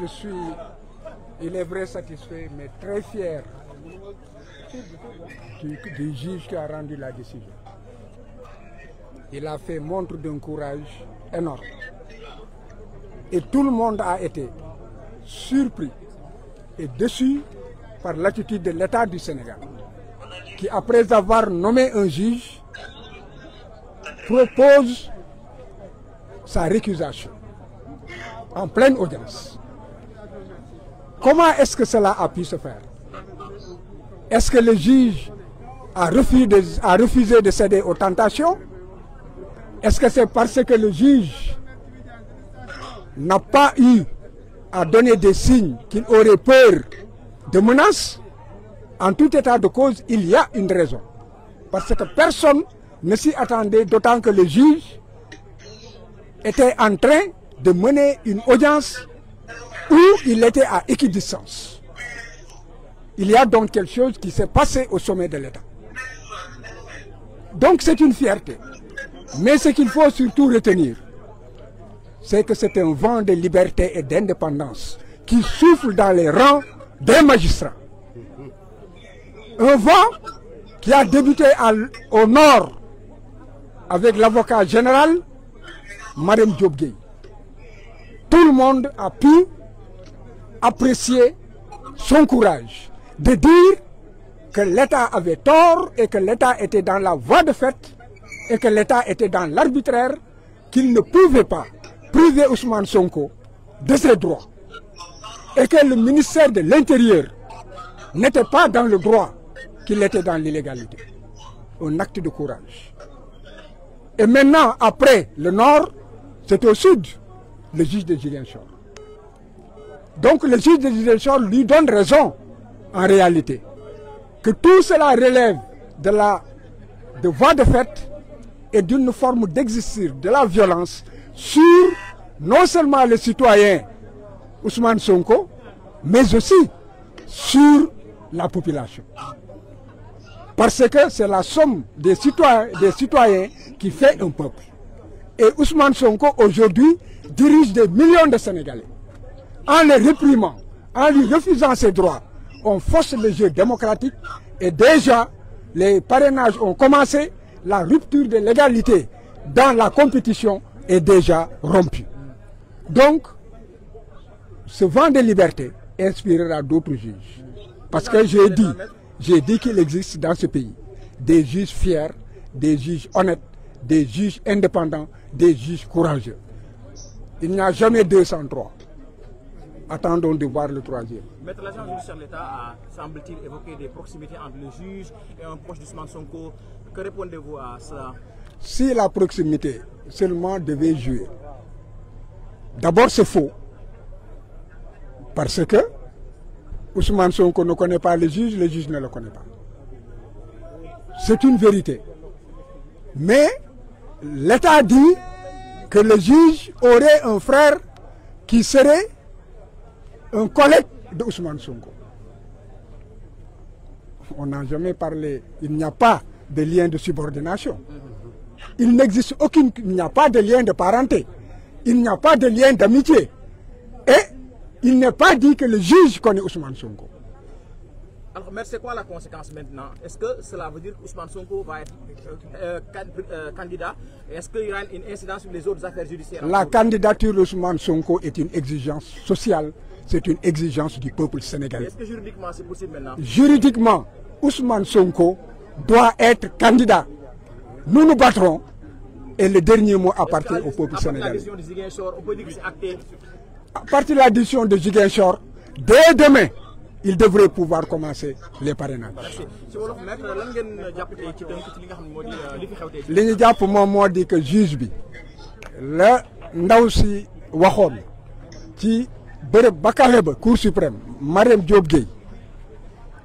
Je suis, il est vrai, satisfait, mais très fier du, juge qui a rendu la décision. Il a fait montre d'un courage énorme. Et tout le monde a été surpris et déçu par l'attitude de l'État du Sénégal, qui, après avoir nommé un juge, propose sa récusation. en pleine audience. Comment est-ce que cela a pu se faire Est-ce que le juge a refusé, de, a refusé de céder aux tentations Est-ce que c'est parce que le juge n'a pas eu à donner des signes qu'il aurait peur de menaces En tout état de cause, il y a une raison. Parce que personne ne s'y attendait, d'autant que le juge était en train de mener une audience où il était à équidistance. Il y a donc quelque chose qui s'est passé au sommet de l'État. Donc c'est une fierté. Mais ce qu'il faut surtout retenir, c'est que c'est un vent de liberté et d'indépendance qui souffle dans les rangs des magistrats. Un vent qui a débuté à, au nord avec l'avocat général Marem Diop tout le monde a pu apprécier son courage de dire que l'État avait tort et que l'État était dans la voie de fait et que l'État était dans l'arbitraire, qu'il ne pouvait pas priver Ousmane Sonko de ses droits et que le ministère de l'Intérieur n'était pas dans le droit, qu'il était dans l'illégalité. Un acte de courage. Et maintenant, après le Nord, c'est au Sud le juge de Ziguinchor donc le juge de Ziguinchor lui donne raison en réalité que tout cela relève de la de voie de fait et d'une forme d'exercice de la violence sur non seulement le citoyen Ousmane Sonko mais aussi sur la population parce que c'est la somme des citoyens des citoyens qui fait un peuple Et Ousmane Sonko, aujourd'hui, dirige des millions de Sénégalais. En les réprimant, en lui refusant ses droits, on force le jeu démocratique et déjà, les parrainages ont commencé, la rupture de l'égalité dans la compétition est déjà rompue. Donc, ce vent de liberté inspirera d'autres juges. Parce que j'ai dit, j'ai dit qu'il existe dans ce pays des juges fiers, des juges honnêtes, des juges indépendants, des juges courageux. Il n'y a jamais 203. Attendons de voir le troisième. Maître l'agent judiciaire de l'État a, semble-t-il, évoqué des proximités entre le juge et un proche d'Ousmane Sonko. Que répondez-vous à cela Si la proximité seulement devait jouer, d'abord c'est faux. Parce que Ousmane Sonko ne connaît pas le juge, le juge ne le connaît pas. C'est une vérité. Mais l'État dit que le juge aurait un frère qui serait un collègue de Ousmane Sonko. On n'a jamais parlé, il n'y a pas de lien de subordination. Il n'existe aucune, il n'y a pas de lien de parenté. Il n'y a pas de lien d'amitié. Et il n'est pas dit que le juge connaît Ousmane Sonko. Alors, mais c'est quoi la conséquence maintenant Est-ce que cela veut dire que Ousmane Sonko va être euh, euh, euh candidat une incidence sur les autres affaires judiciaires La candidature d'Ousmane Sonko est une exigence sociale, c'est une exigence du peuple sénégalais. Est-ce que juridiquement c'est possible maintenant Juridiquement, Ousmane Sonko doit être candidat. Nous nous battrons et le dernier mot appartient au peuple sénégalais. À partir de la décision de Ziguinchor, dès demain, il devrait pouvoir commencer les parrainages. Euh, li ñu jàpp moom moo di que juge bi la ndaw si waxoon ci bërëb ba kawe ba cour suprême Marème Diop Gueye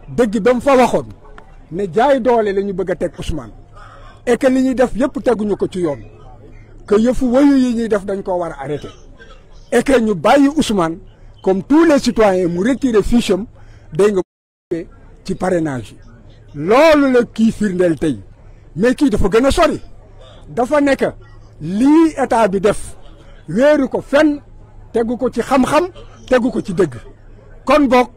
dëgg ba mu fa waxoon ne jaay doole la ñu bëgg a teg Ousmane et que li ñuy def yëpp teguñu ko ci yoon que yëfu wayu yi ñuy def dañ ko war a arrêté et que ñu bàyyi Ousmane comme tous les citoyens mu retiré fiche day nga ci parrainage yi loolu la kii firndeel tey mais kii dafa gën a sori dafa nekk lii état bi def wéeru ko fenn tegu ko ci xam-xam tegu ko ci dëgg kon boog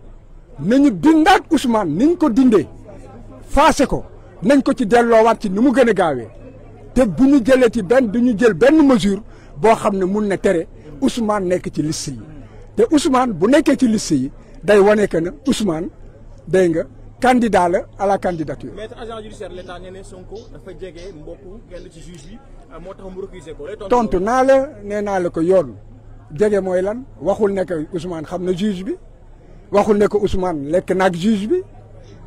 nañu dindaat Ousmane niñ ko dindee faase ko nañ ko ci delloowaat ci ni mu gën a gaawee te bu ñu jëlee ci benn du ñu jël benn mesure boo xam ne mun na tere Ousmane nekk ci liste yi te Ousmane bu nekkee ci liste yi day wane que ne Ousmane day nga candidat la à la candidature. maître agent judiciaire de l'État nee Sonko dafa jege mbokku kenn ci juge bi ah, moo tax mu recuser ko. tontu naa la nee naa ko yoon jege mooy lan waxul ne que xam na juge bi waxul ne que Ousmane lekk naag juge bi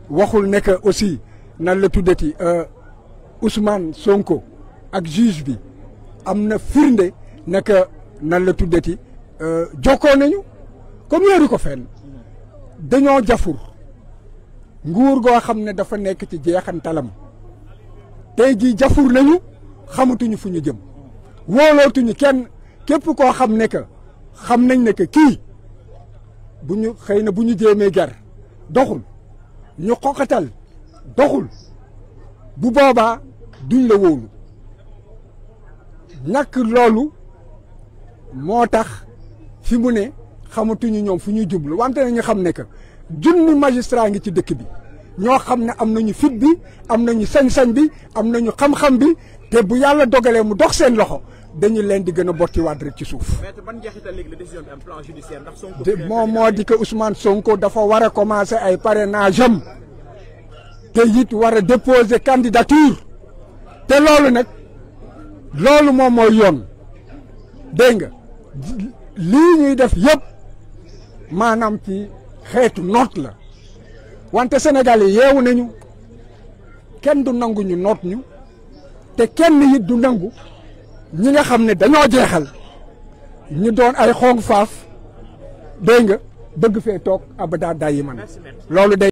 waxul ne aussi nan la tuddati euh, Ousmane Sonko ak juge bi am na firnde ne nan la tuddati euh, jokkoo nañu comme yéeru ko fenn. dañoo jafur nguur goo xam ne dafa nekk ci jeexantalam tey jii jafur nañu xamatuñu fu ñu jëm wóolootuñu kenn képp koo xam ne que xam nañ ne que kii bu ñu xëy na bu ñu jéemee ger doxul ñu xoqatal doxul bu boobaa duñ la wóolu ñàkk loolu moo tax fi mu ne xamatuñu ñoom fu ñuy jublu wante na ñu xam ne que junni magistrat ngi ci dëkk bi ñoo xam ne am nañu fit bi am nañu sañ-sañ bi am nañu xam-xam bi te bu yàlla dogalee mu dox seen loxo dañu leen di gën a bottiwaat rek ci suuf. moom moo di que Ousmane Sonko dafa war a commencer ay parrainage am te it war a déposer candidature te loolu nag loolu moom mooy yoon dégg nga lii ñuy def yëpp. maanaam ci xeetu noot la wante senegal yi yeewu nañu kenn du nangu ñu noot ñu te kenn it du nangu ñi nga xam ne dañoo jeexal ñu doon ay xong faaf dégg nga bëgg fee toog abada dayiman loolu day